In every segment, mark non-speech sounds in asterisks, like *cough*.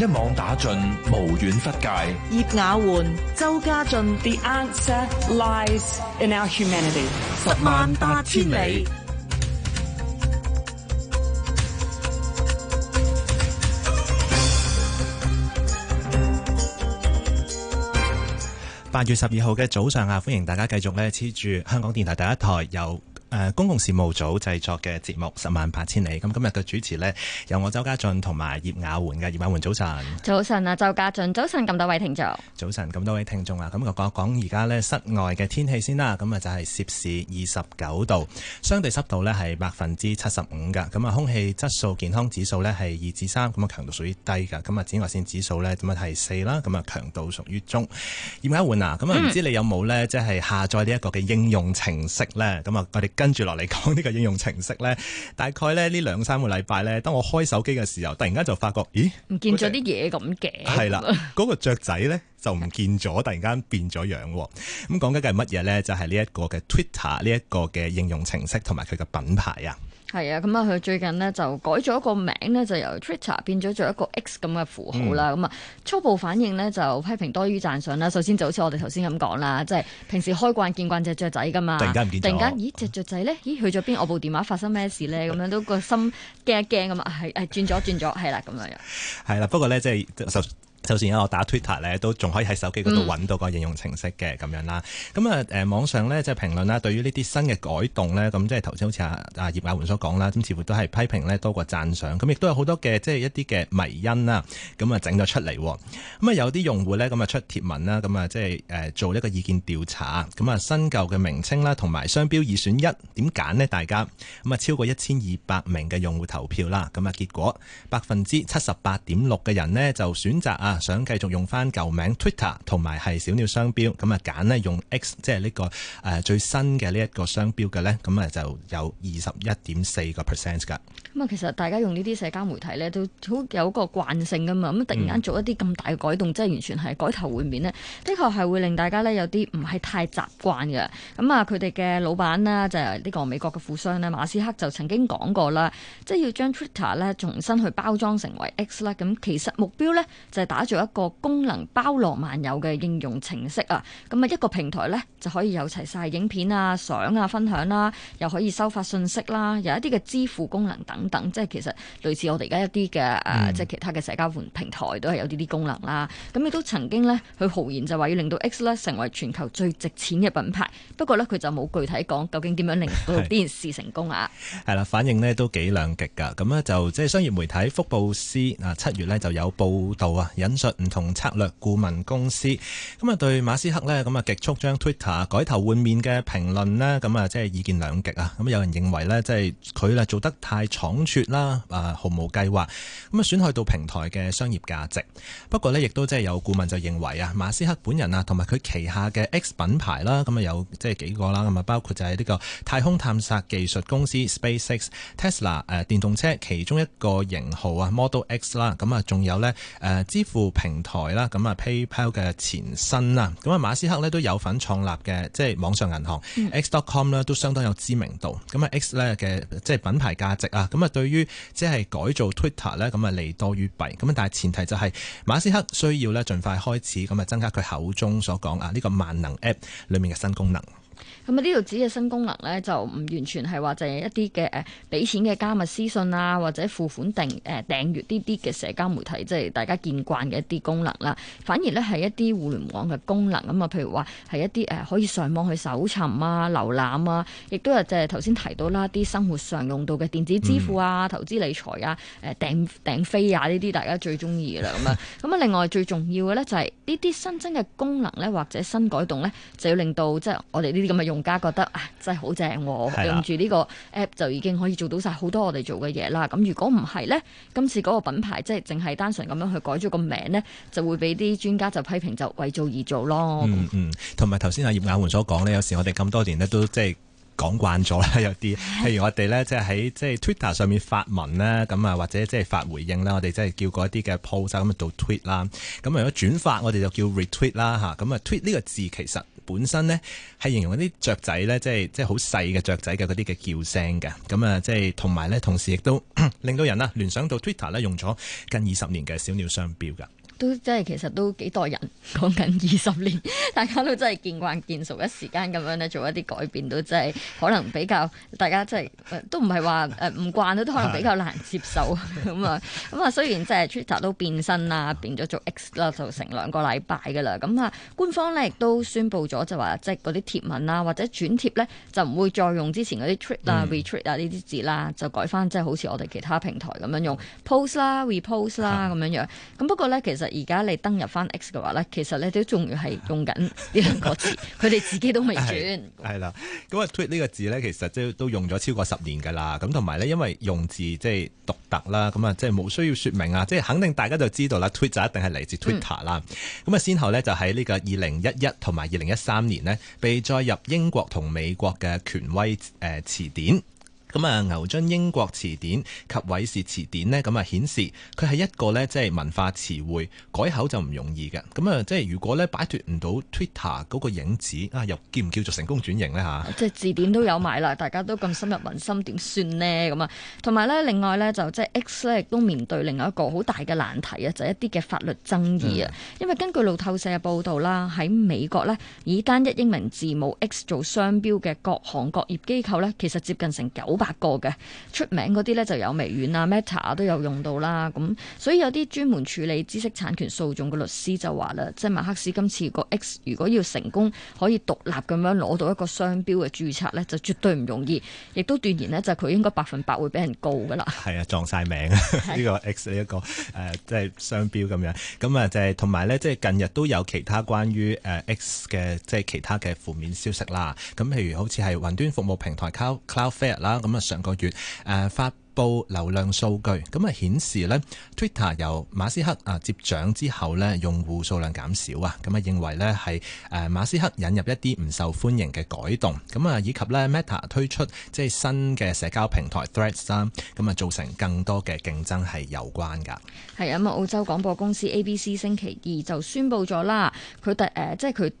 一網打盡，無遠弗屆。葉雅媛、周家俊，The answer lies in our humanity。十萬八千里。八月十二號嘅早上啊，歡迎大家繼續咧黐住香港電台第一台由誒，公共事務組製作嘅節目《十萬八千里》咁，今日嘅主持呢，由我周家俊同埋葉雅媛嘅。葉雅媛早晨，早晨啊，周家俊早晨。咁多位聽眾，早晨咁多位聽眾啊，咁就講講而家呢室外嘅天氣先啦，咁啊就係攝氏二十九度，相對濕度呢係百分之七十五噶，咁啊空氣質素健康指數呢係二至三，咁啊強度屬於低噶，咁啊紫外線指數呢，咁啊係四啦，咁啊強度屬於中。葉雅媛啊，咁啊唔知你有冇呢？即係下載呢一個嘅應用程式呢。咁啊，跟住落嚟講呢個應用程式咧，大概咧呢兩三個禮拜咧，當我開手機嘅時候，突然間就發覺，咦，唔見咗啲嘢咁嘅，係啦， *laughs* 嗰、嗰個雀仔咧就唔見咗，突然間變咗樣喎。咁講緊嘅係乜嘢咧？就係呢一個嘅 Twitter 呢一個嘅應用程式同埋佢嘅品牌啊。係啊，咁啊，佢最近呢就改咗一個名呢，就由 Twitter 變咗做一個 X 咁嘅符號啦。咁啊、嗯，初步反應呢就批評多於讚賞啦。首先就好似我哋頭先咁講啦，即係平時開慣見慣隻雀仔噶嘛，突然間唔見，突然間咦，隻雀仔呢？咦，去咗邊？我部電話發生咩事呢？咁樣都個心驚一驚噶嘛，係誒，轉咗轉咗，係啦咁樣樣。係啦，不過呢，即係就算我打 Twitter 咧，都仲可以喺手機嗰度揾到個應用程式嘅咁、嗯、樣啦。咁啊誒網上咧即係評論啦，對於呢啲新嘅改動咧，咁即係頭先好似阿阿葉雅媛所講啦，咁似乎都係批評咧多過讚賞，咁亦都有好多嘅即係一啲嘅迷因啦。咁啊整咗出嚟。咁啊有啲用戶咧咁啊出貼文啦。咁啊即係誒做一個意見調查。咁啊新舊嘅名稱啦，同埋商標二選一點揀咧，大家咁啊超過一千二百名嘅用戶投票啦。咁啊結果百分之七十八點六嘅人咧就選擇。啊、想繼續用翻舊名 Twitter 同埋係小鳥商標，咁啊揀呢用 X，即係呢、這個誒、呃、最新嘅呢一個商標嘅呢，咁、嗯、啊就有二十一點四個 percent 噶。咁啊，嗯、其實大家用呢啲社交媒體呢，都好有個慣性噶嘛，咁突然間做一啲咁大嘅改動，即係完全係改頭換面呢。的確係會令大家呢有啲唔係太習慣嘅。咁、嗯、啊，佢哋嘅老闆呢，就係、是、呢個美國嘅富商呢，馬斯克就曾經講過啦，即係要將 Twitter 呢重新去包裝成為 X 啦。咁其實目標呢，就係、是打打造一個功能包羅萬有嘅應用程式啊，咁啊一個平台呢，就可以有齊晒影片啊、相啊、分享啦、啊，又可以收發信息啦，有一啲嘅支付功能等等，即係其實類似我哋而家一啲嘅誒，即係其他嘅社交平台都係有呢啲功能啦。咁亦都曾經呢，佢豪言就話要令到 X 呢成為全球最值錢嘅品牌。不過呢，佢就冇具體講究竟點樣令到呢件事成功啊。係啦， *laughs* 反應呢都幾兩極噶。咁呢，就即、是、係商業媒體福布斯啊，七月呢就有報道啊，引述唔同策略顧問公司咁啊、嗯，對馬斯克咧咁啊，極速將 Twitter 改頭換面嘅評論咧，咁、嗯、啊，即係意見兩極啊！咁、嗯、有人認為咧，即係佢啊做得太倉促啦，啊，毫無計劃，咁、嗯、啊，損害到平台嘅商業價值。不過咧，亦都即係有顧問就認為啊，馬斯克本人啊，同埋佢旗下嘅 X 品牌啦，咁啊，有即係幾個啦，咁啊，包括就係呢個太空探索技術公司 SpaceX、Tesla、呃、誒電動車其中一個型號啊 Model X 啦，咁啊，仲有咧誒支付。平台啦，咁啊 PayPal 嘅前身啦，咁啊，馬斯克咧都有份創立嘅，即係網上銀行，嗯，X.com 咧都相當有知名度。咁啊 X 咧嘅即係品牌價值啊，咁啊，對於即係改造 Twitter 咧，咁啊，利多於弊。咁啊但係前提就係馬斯克需要咧盡快開始咁啊增加佢口中所講啊呢個萬能 App 裏面嘅新功能。咁啊，呢度指嘅新功能咧，就唔完全係話就係一啲嘅誒，俾錢嘅加密私信啊，或者付款定誒訂閱呢啲嘅社交媒體，即、就、係、是、大家見慣嘅一啲功能啦、啊。反而咧係一啲互聯網嘅功能咁啊，譬如話係一啲誒、呃、可以上網去搜尋啊、瀏覽啊，亦都係即係頭先提到啦，啲生活上用到嘅電子支付啊、嗯、投資理財啊、誒、呃、訂訂飛啊呢啲，大家最中意嘅啦。咁啊，咁啊，另外最重要嘅咧就係呢啲新增嘅功能咧，或者新改動咧，就要令到即係、就是、我哋呢啲。咁啊，用家覺得啊，真係好正，的用住呢個 app 就已經可以做到晒好多我哋做嘅嘢啦。咁如果唔係呢，今次嗰個品牌即係淨係單純咁樣去改咗個名呢，就會俾啲專家就批評就為做而做咯。嗯嗯，同埋頭先阿葉雅媛所講呢，有時我哋咁多年呢都即係。講慣咗啦，有啲譬如我哋咧，即係喺即係 Twitter 上面發文啦，咁啊或者即係發回應啦，我哋即係叫嗰一啲嘅 post 咁做 tweet 啦。咁如果轉發，我哋就叫 retweet 啦嚇。咁啊 tweet 呢個字其實本身咧係形容嗰啲雀仔咧，即係即係好細嘅雀仔嘅嗰啲嘅叫聲嘅。咁啊即係同埋咧，同時亦都 *coughs* 令到人啊聯想到 Twitter 咧用咗近二十年嘅小鳥商標噶。都真係其實都幾多人講緊二十年，大家都真係見慣見熟，一時間咁樣咧做一啲改變都真係可能比較大家真係、呃、都唔係話誒唔慣都可能比較難接受咁啊咁啊。雖然即係 Twitter 都變身啦，變咗做 X 啦，就成兩個禮拜噶啦。咁啊，官方咧亦都宣布咗就話即係嗰啲貼文啊或者轉貼咧就唔會再用之前嗰啲 tweet 啊、嗯、retweet 啊呢啲字啦、啊，就改翻即係好似我哋其他平台咁樣用 post 啦、啊、repost 啦、啊、咁樣樣咁、嗯、不過咧，其實。而家你登入翻 X 嘅話咧，其實咧都仲要係用緊呢兩個字，佢哋 *laughs* 自己都未轉係啦。咁啊，tweet 呢個字咧，其實都都用咗超過十年噶啦。咁同埋咧，因為用字即係獨特啦，咁啊即係冇需要說明啊，即係肯定大家就知道啦。tweet 就一定係嚟自 Twitter 啦。咁、嗯、啊，先後咧就喺呢個二零一一同埋二零一三年呢，被載入英國同美國嘅權威誒詞、呃、典。咁啊，牛津英國詞典及韋氏詞典咧，咁啊顯示佢係一個咧，即係文化詞彙改口就唔容易嘅。咁啊，即係如果咧擺脫唔到 Twitter 嗰個影子啊，又叫唔叫做成功轉型呢？嚇？即係字典都有埋啦， *laughs* 大家都咁深入民心，點算呢？咁啊？同埋咧，另外咧就即係 X 咧，亦都面對另外一個好大嘅難題啊，就係、一啲嘅法律爭議啊。嗯、因為根據路透社嘅報道啦，喺美國咧，以單一英文字母 X 做商標嘅各行各業機構咧，其實接近成九八個嘅出名嗰啲咧就有微軟啊、Meta 都有用到啦，咁所以有啲專門處理知識產權訴訟嘅律師就話啦，即係馬克思今次個 X 如果要成功可以獨立咁樣攞到一個商標嘅注冊咧，就絕對唔容易，亦都斷言呢，就佢應該百分百會俾人告噶啦。係啊，撞晒名呢個 X 呢，這、一個誒即係商標咁樣，咁啊就係同埋咧即係近日都有其他關於誒 X 嘅即係其他嘅負面消息啦，咁譬如好似係雲端服務平台 Cloudflare 啦。咁啊，上個月誒、呃、發佈流量數據，咁啊顯示咧，Twitter 由馬斯克啊、呃、接掌之後咧，用戶數量減少啊，咁、呃、啊認為咧係誒馬斯克引入一啲唔受歡迎嘅改動，咁、呃、啊以及咧 Meta 推出即係新嘅社交平台 Threads，咁、呃、啊造成更多嘅競爭係有關噶。係啊，咁澳洲廣播公司 ABC 星期二就宣布咗啦，佢特誒即係佢。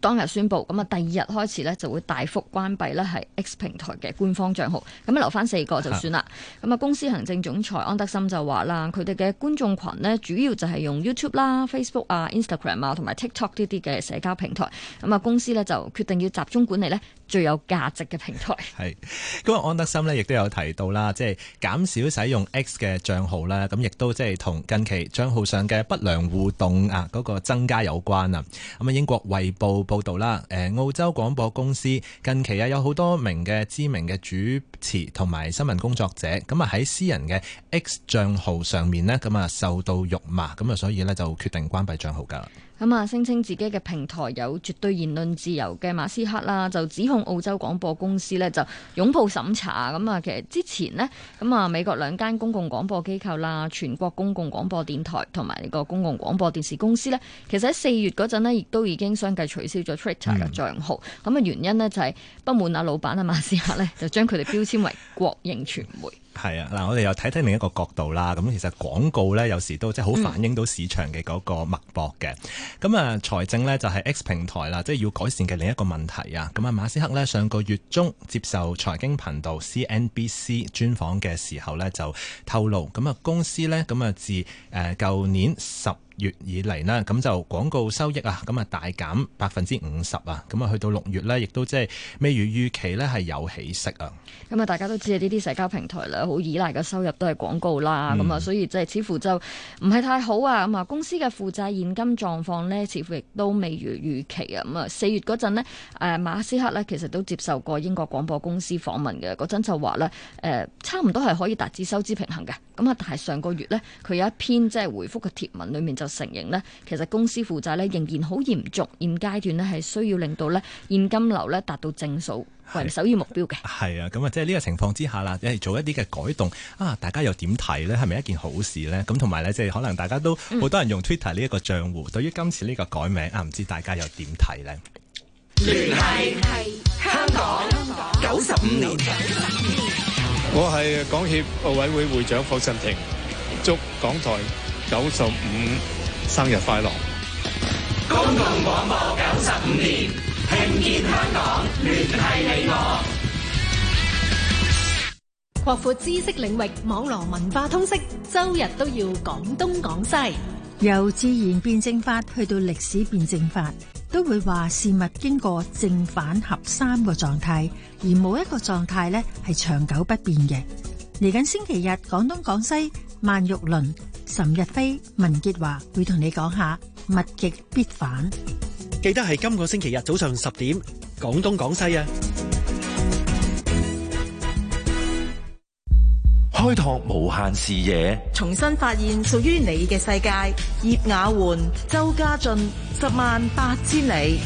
當日宣布，咁啊第二日開始咧就會大幅關閉呢係 X 平台嘅官方賬號，咁留翻四個就算啦。咁啊公司行政總裁安德森就話啦，佢哋嘅觀眾群呢，主要就係用 YouTube 啦、Facebook 啊、Instagram 啊同埋 TikTok 呢啲嘅社交平台。咁啊公司呢，就決定要集中管理咧最有價值嘅平台。係，今日安德森呢，亦都有提到啦，即係減少使用 X 嘅賬號啦，咁亦都即係同近期賬號上嘅不良互動啊嗰個增加有關啊。咁啊英國衛報報道啦，誒，澳洲廣播公司近期啊有好多名嘅知名嘅主持同埋新聞工作者，咁啊喺私人嘅 X 賬號上面呢，咁啊受到辱罵，咁啊所以咧就決定關閉賬號噶。咁啊，聲稱自己嘅平台有絕對言論自由嘅馬斯克啦，就指控澳洲廣播公司呢就擁抱審查。咁啊，其實之前呢，咁啊美國兩間公共廣播機構啦，全國公共廣播電台同埋個公共廣播電視公司呢，其實喺四月嗰陣呢，亦都已經相繼取消咗 Twitter 嘅帳號。咁啊、嗯，原因呢就係不滿啊，老闆阿馬斯克呢，就將佢哋標籤為國營傳媒。 *laughs* 係啊，嗱，我哋又睇睇另一個角度啦。咁其實廣告呢，有時都即係好反映到市場嘅嗰個脈搏嘅。咁啊、嗯，財政呢，就係 X 平台啦，即係要改善嘅另一個問題啊。咁啊，馬斯克呢，上個月中接受財經頻道 CNBC 專訪嘅時候呢，就透露咁啊，公司呢，咁啊自誒舊年十月以嚟啦，咁就廣告收益啊，咁啊大減百分之五十啊，咁啊去到六月呢，亦都即係未如預期呢，係有起色啊。咁啊，大家都知啊，呢啲社交平台咧，好依賴嘅收入都係廣告啦，咁啊、嗯，所以即係似乎就唔係太好啊。咁啊，公司嘅負債現金狀況呢，似乎亦都未如預期啊。咁啊，四月嗰陣咧，誒馬斯克呢，其實都接受過英國廣播公司訪問嘅，嗰陣就話呢，誒差唔多係可以達至收支平衡嘅。咁啊，但係上個月呢，佢有一篇即係、就是、回覆嘅帖文裡面就承認呢，其實公司負債呢，仍然好嚴重，現階段呢，係需要令到呢現金流呢達到正數為是首要目標嘅。係啊，咁啊，即係呢個情況之下啦，你係做一啲嘅改動啊，大家又點睇呢？係咪一件好事呢？咁同埋呢，即係可能大家都好、嗯、多人用 Twitter 呢一個賬戶，對於今次呢個改名啊，唔知大家又點睇呢？聯繫係香港九十五年，年 *laughs* 我係港協奧委會會，會，會長霍震霆，祝港台九十五生日快樂！公共廣播九十五年，聽見香港，聯繫你我，擴闊知識領域，網絡文化通識，周日都要講東講西。由自然辯證法去到歷史辯證法，都會話事物經過正反合三個狀態，而冇一個狀態呢係長久不變嘅。嚟緊星期日，講東講西，萬玉麟。岑日飛文潔華會同你講下物極必反，記得係今個星期日早上十點，講東講西啊，開拓無限視野，重新發現屬於你嘅世界。葉雅媛、周家俊，十萬八千里。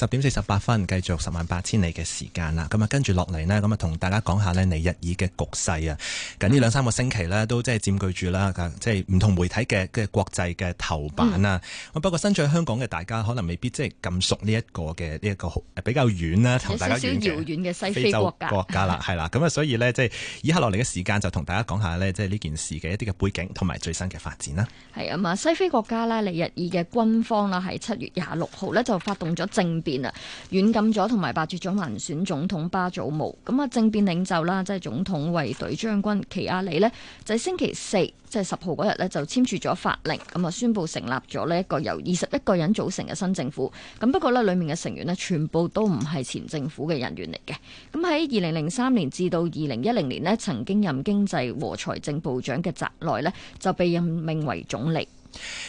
十點四十八分，繼續十萬八千里嘅時間啦。咁啊，跟住落嚟呢，咁啊，同大家講下呢，尼日爾嘅局勢啊。近呢兩三個星期呢，都即係佔據住啦，即係唔同媒體嘅嘅國際嘅頭版啊。嗯、不過身處喺香港嘅大家，可能未必即係咁熟呢一、呢個嘅呢一個比較遠啦，同大家遠嘅西非洲國家啦，係啦、嗯。咁、嗯、啊，所以呢，即係以下落嚟嘅時間，就同大家講下呢，即係呢件事嘅一啲嘅背景同埋最新嘅發展啦。係啊嘛，西非國家呢，尼日爾嘅軍方啦，喺七月廿六號呢，就發動咗政變。啦，軟禁咗同埋罷黜咗民選總統巴祖姆，咁啊，政變領袖啦，即係總統衛隊將軍奇亞里呢，就喺星期四，即係十號嗰日呢，就簽署咗法令，咁啊，宣佈成立咗呢一個由二十一個人組成嘅新政府。咁不過呢，裡面嘅成員呢，全部都唔係前政府嘅人員嚟嘅。咁喺二零零三年至到二零一零年呢，曾經任經濟和財政部長嘅扎內呢，就被任命為總理。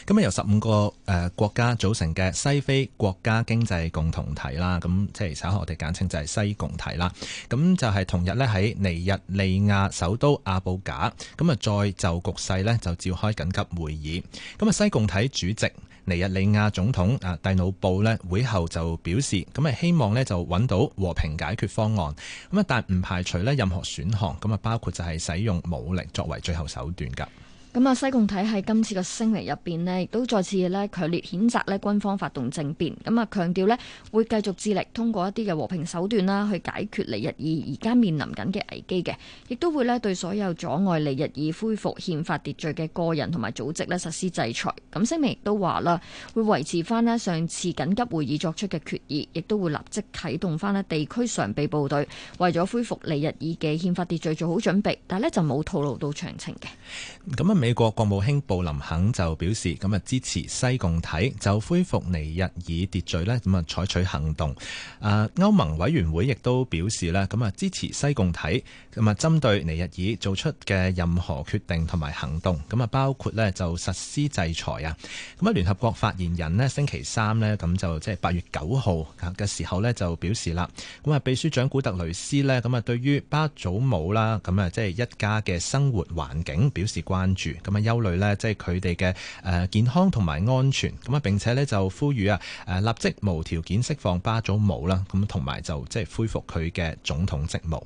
咁啊，由十五個誒國家組成嘅西非國家經濟共同體啦，咁即係稍後我哋簡稱就係西共體啦。咁就係同日咧，喺尼日利亞首都阿布賈，咁啊，再就局勢呢，就召開緊急會議。咁啊，西共體主席尼日利亞總統啊蒂努布呢，會後就表示，咁啊希望呢就揾到和平解決方案。咁啊，但唔排除呢任何選項。咁啊，包括就係使用武力作為最後手段噶。咁啊，西共體喺今次嘅聲明入邊呢，亦都再次咧強烈譴責咧軍方發動政變，咁啊強調呢會繼續致力通過一啲嘅和平手段啦，去解決尼日爾而家面臨緊嘅危機嘅，亦都會呢對所有阻礙尼日爾恢復憲法秩序嘅個人同埋組織呢實施制裁。咁聲明亦都話啦，會維持翻咧上次緊急會議作出嘅決議，亦都會立即啟動翻咧地區常備部隊，為咗恢復尼日爾嘅憲法秩序做好準備。但係咧就冇透露到詳情嘅。咁啊～美國國務卿布林肯就表示咁啊支持西共體就恢復尼日爾秩序咧，咁啊採取行動。誒歐盟委員會亦都表示咧，咁啊支持西共體，咁啊針對尼日爾做出嘅任何決定同埋行動，咁啊包括咧就實施制裁啊。咁啊聯合國發言人咧星期三咧咁就即係八月九號嘅時候咧就表示啦，咁啊秘書長古特雷斯咧咁啊對於巴祖姆啦咁啊即係、就是、一家嘅生活環境表示關注。咁嘅憂慮咧，即係佢哋嘅誒健康同埋安全，咁啊並且咧就呼籲啊誒立即無條件釋放巴祖姆啦，咁同埋就即係恢復佢嘅總統職務。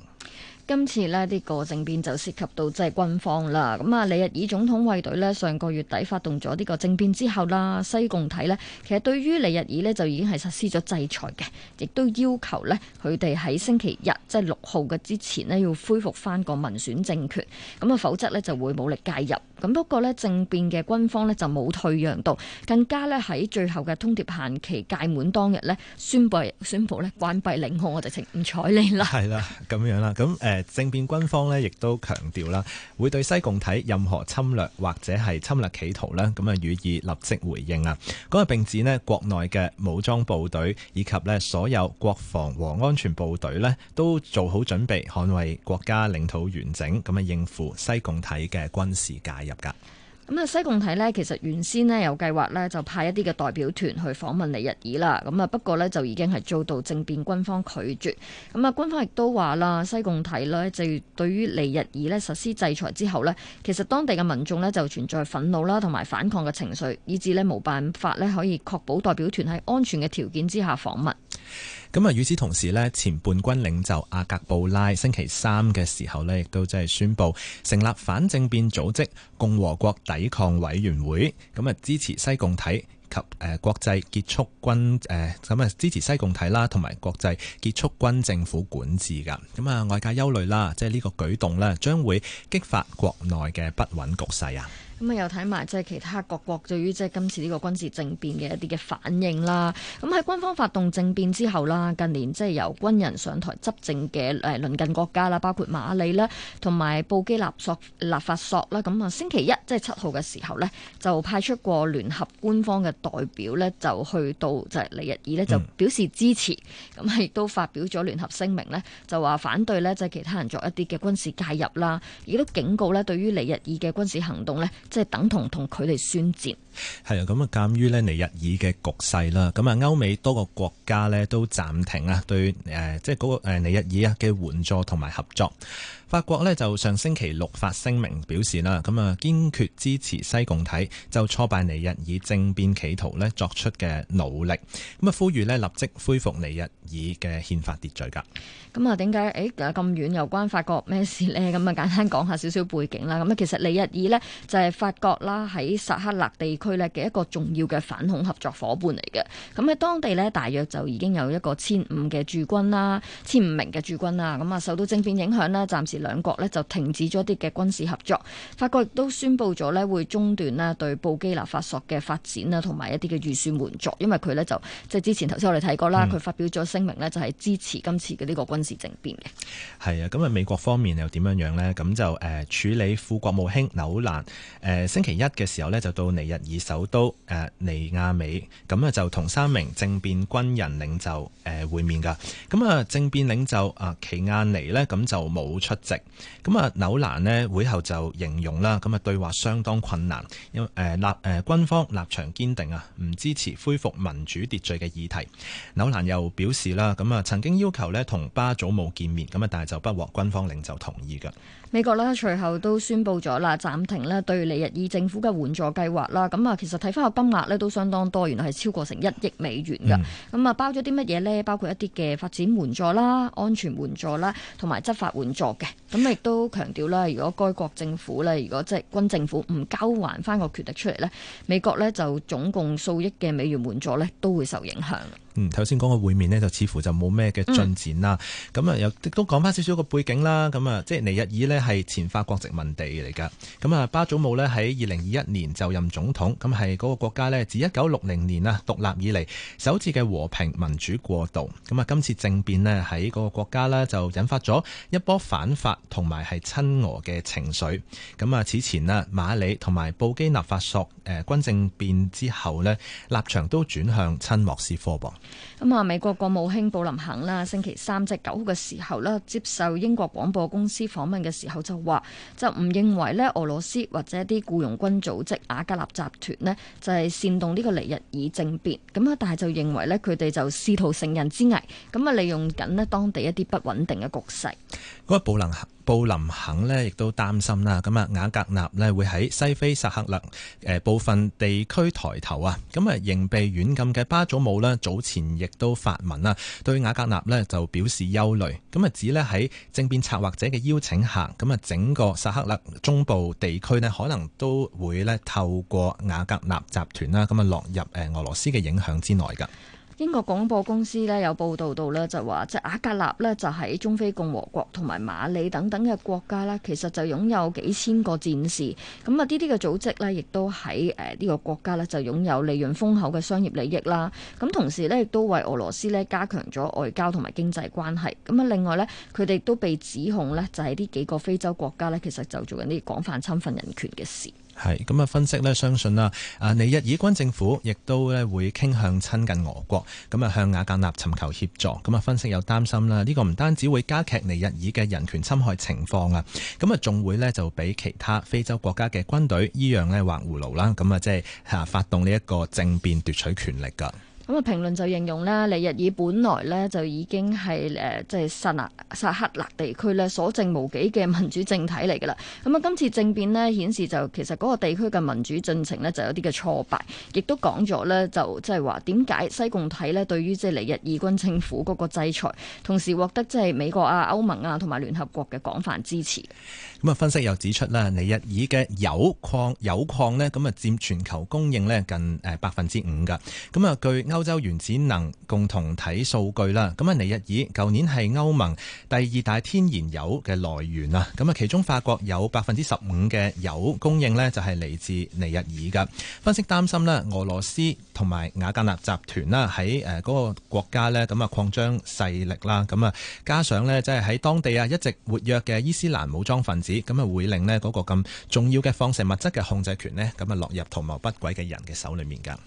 今次咧，呢個政變就涉及到即係軍方啦。咁啊，尼日爾總統衛隊呢，上個月底發動咗呢個政變之後啦，西共體呢，其實對於尼日爾呢，就已經係實施咗制裁嘅，亦都要求呢，佢哋喺星期日即係六號嘅之前呢，要恢復翻個民選政權，咁啊，否則呢，就會武力介入。咁不過呢，政變嘅軍方呢，就冇退讓到，更加呢，喺最後嘅通牒限期屆滿當日呢，宣布宣布呢，關閉領空。我哋請唔睬你啦。係啦，咁樣啦，咁、嗯、誒。政變軍方咧，亦都強調啦，會對西共體任何侵略或者係侵略企圖咧，咁啊予以立即回應啊！嗰日並指咧，國內嘅武裝部隊以及咧所有國防和安全部隊咧，都做好準備捍衛國家領土完整，咁啊應付西共體嘅軍事介入噶。咁啊，西共體咧，其實原先咧有計劃咧，就派一啲嘅代表團去訪問尼日爾啦。咁啊，不過呢，就已經係遭到政變軍方拒絕。咁啊，軍方亦都話啦，西共體咧就對於尼日爾咧實施制裁之後咧，其實當地嘅民眾咧就存在憤怒啦同埋反抗嘅情緒，以至咧冇辦法咧可以確保代表團喺安全嘅條件之下訪問。咁啊！與此同時呢，前叛軍領袖阿格布拉星期三嘅時候呢，亦都即係宣布成立反政變組織共和國抵抗委員會，咁啊，支持西共體及誒國際結束軍，誒咁啊支持西共體啦，同埋國際結束軍政府管治㗎。咁啊，外界憂慮啦，即係呢個舉動咧，將會激發國內嘅不穩局勢啊！咁啊，又睇埋即係其他各國對於即係今次呢個軍事政變嘅一啲嘅反應啦。咁喺軍方發動政變之後啦，近年即係由軍人上台執政嘅誒鄰近國家啦，包括馬里啦，同埋布基納索立法索啦。咁啊，星期一即係七號嘅時候咧，就派出過聯合官方嘅代表咧，就去到就係尼日爾咧，就表示支持。咁亦都發表咗聯合聲明咧，就話反對咧，即係其他人作一啲嘅軍事介入啦，亦都警告咧對於尼日爾嘅軍事行動咧。即係等同同佢哋宣戰。係啊，咁啊，鑒於呢尼日爾嘅局勢啦，咁啊，歐美多個國家呢都暫停啊對誒、呃，即係嗰個誒尼日爾啊嘅援助同埋合作。法國呢就上星期六發聲明表示啦，咁啊堅決支持西共體就挫敗尼日爾政變企圖呢作出嘅努力，咁啊呼籲呢立即恢復尼日爾嘅憲法秩序噶。咁啊，點解，誒，咁遠有關法國咩事呢？咁啊，簡單講下少少背景啦。咁啊，其實尼日爾呢就係法國啦喺薩赫勒地區。佢呢嘅一個重要嘅反恐合作伙伴嚟嘅，咁喺當地呢，大約就已經有一個千五嘅駐軍啦，千五名嘅駐軍啦，咁、嗯、啊，受到政變影響呢，暫時兩國呢就停止咗啲嘅軍事合作。法國亦都宣布咗呢會中斷啦對布基納法索嘅發展啊，同埋一啲嘅預算援助，因為佢呢，就即係之前頭先我哋睇過啦，佢發表咗聲明呢，就係支持今次嘅呢個軍事政變嘅。係、嗯、啊，咁啊，美國方面又點樣樣呢？咁就誒、呃、處理副國務卿紐蘭誒、呃、星期一嘅時候呢，就到尼日爾。首都誒尼亞美，咁咧就同三名政變軍人領袖誒會面㗎，咁啊政變領袖啊奇亞尼呢，咁就冇出席，咁啊紐蘭呢，會後就形容啦，咁啊對話相當困難，因為誒立誒軍方立場堅定啊，唔支持恢復民主秩序嘅議題。紐蘭又表示啦，咁啊曾經要求呢同巴祖姆見面，咁啊但係就不獲軍方領袖同意㗎。美國呢，隨後都宣布咗啦，暫停呢對尼日爾政府嘅援助計劃啦，咁。啊，其實睇翻個金額咧都相當多，原來係超過成一億美元噶。咁啊，包咗啲乜嘢咧？包括一啲嘅發展援助啦、安全援助啦，同埋執法援助嘅。咁亦都強調啦，如果該國政府咧，如果即係軍政府唔交還翻個權力出嚟咧，美國咧就總共數億嘅美元援助咧都會受影響。嗯，頭先講個會面呢，就似乎就冇咩嘅進展啦。咁啊、嗯，又都講翻少少個背景啦。咁、嗯、啊，即尼日爾呢係前法國殖民地嚟㗎。咁、嗯、啊，巴祖姆呢喺二零二一年就任總統，咁係嗰個國家呢，自一九六零年啊獨立以嚟首次嘅和平民主過渡。咁、嗯、啊，今次政變呢，喺嗰個國家呢，就引發咗一波反法同埋係親俄嘅情緒。咁、嗯、啊，此前啊馬里同埋布基納法索誒軍政變之後呢，立場都轉向親莫斯科噃。咁啊，美國國務卿布林肯啦，星期三即九嘅時候啦，接受英國廣播公司訪問嘅時候就話，就唔認為咧俄羅斯或者啲僱傭軍組織阿加納集團咧就係、是、煽動呢個尼日爾政變，咁啊，但係就認為咧佢哋就試圖成人之危，咁啊利用緊咧當地一啲不穩定嘅局勢。嗰個布林肯。布林肯呢亦都擔心啦，咁啊，瓦格納呢會喺西非薩克勒誒部分地區抬頭啊，咁啊，仍被軟禁嘅巴祖姆呢，早前亦都發文啦，對瓦格納呢就表示憂慮，咁啊指呢喺政變策劃者嘅邀請下，咁啊整個薩克勒中部地區呢，可能都會呢透過瓦格納集團啦，咁啊落入誒俄羅斯嘅影響之內㗎。英國廣播公司咧有報道到咧就話，即、就是、阿格納咧就喺中非共和國同埋馬里等等嘅國家啦，其實就擁有幾千個戰士。咁啊，啲啲嘅組織咧，亦都喺誒呢個國家咧就擁有利潤豐厚嘅商業利益啦。咁同時咧，亦都為俄羅斯咧加強咗外交同埋經濟關係。咁啊，另外咧，佢哋都被指控咧就喺呢幾個非洲國家咧，其實就做緊啲廣泛侵犯人權嘅事。係咁啊！分析咧，相信啦，啊尼日爾軍政府亦都咧會傾向親近俄國，咁啊向亞格納尋求協助。咁啊分析有擔心啦，呢個唔單止會加劇尼日爾嘅人權侵害情況啊，咁啊仲會咧就俾其他非洲國家嘅軍隊依樣咧畫葫蘆啦，咁啊即係嚇發動呢一個政變奪取權力噶。咁啊，評論就形容呢，尼日爾本來呢就已經係誒即係撒拿撒克勒地區呢所剩無幾嘅民主政體嚟噶啦。咁啊，今次政變呢，顯示就其實嗰個地區嘅民主進程呢就有啲嘅挫敗，亦都講咗呢，就即係話點解西共體呢對於即係尼日爾軍政府嗰個制裁，同時獲得即係美國啊、歐盟啊同埋聯合國嘅廣泛支持。咁啊，分析又指出咧，尼日爾嘅鈾礦鈾礦咧，咁啊佔全球供應咧近誒百分之五噶。咁啊，據歐洲原子能共同體數據啦，咁啊尼日爾舊年係歐盟第二大天然鈾嘅來源啊。咁啊，其中法國有百分之十五嘅鈾供應咧就係嚟自尼日爾噶。分析擔心咧，俄羅斯同埋瓦格納集團啦喺誒嗰個國家咧，咁啊擴張勢力啦。咁啊，加上咧即係喺當地啊一直活躍嘅伊斯蘭武裝分子。咁啊，會令呢嗰個咁重要嘅放射物質嘅控制權呢，咁啊落入圖謀不軌嘅人嘅手裡面噶。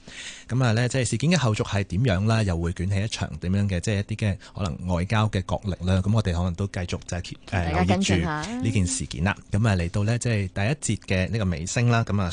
咁啊咧，即係事件嘅後續係點樣啦？又會捲起一場點樣嘅，即係一啲嘅可能外交嘅角力啦。咁我哋可能都繼續就係誒留意住呢件事件啦。咁啊，嚟到呢，即係第一節嘅呢個尾聲啦。咁啊。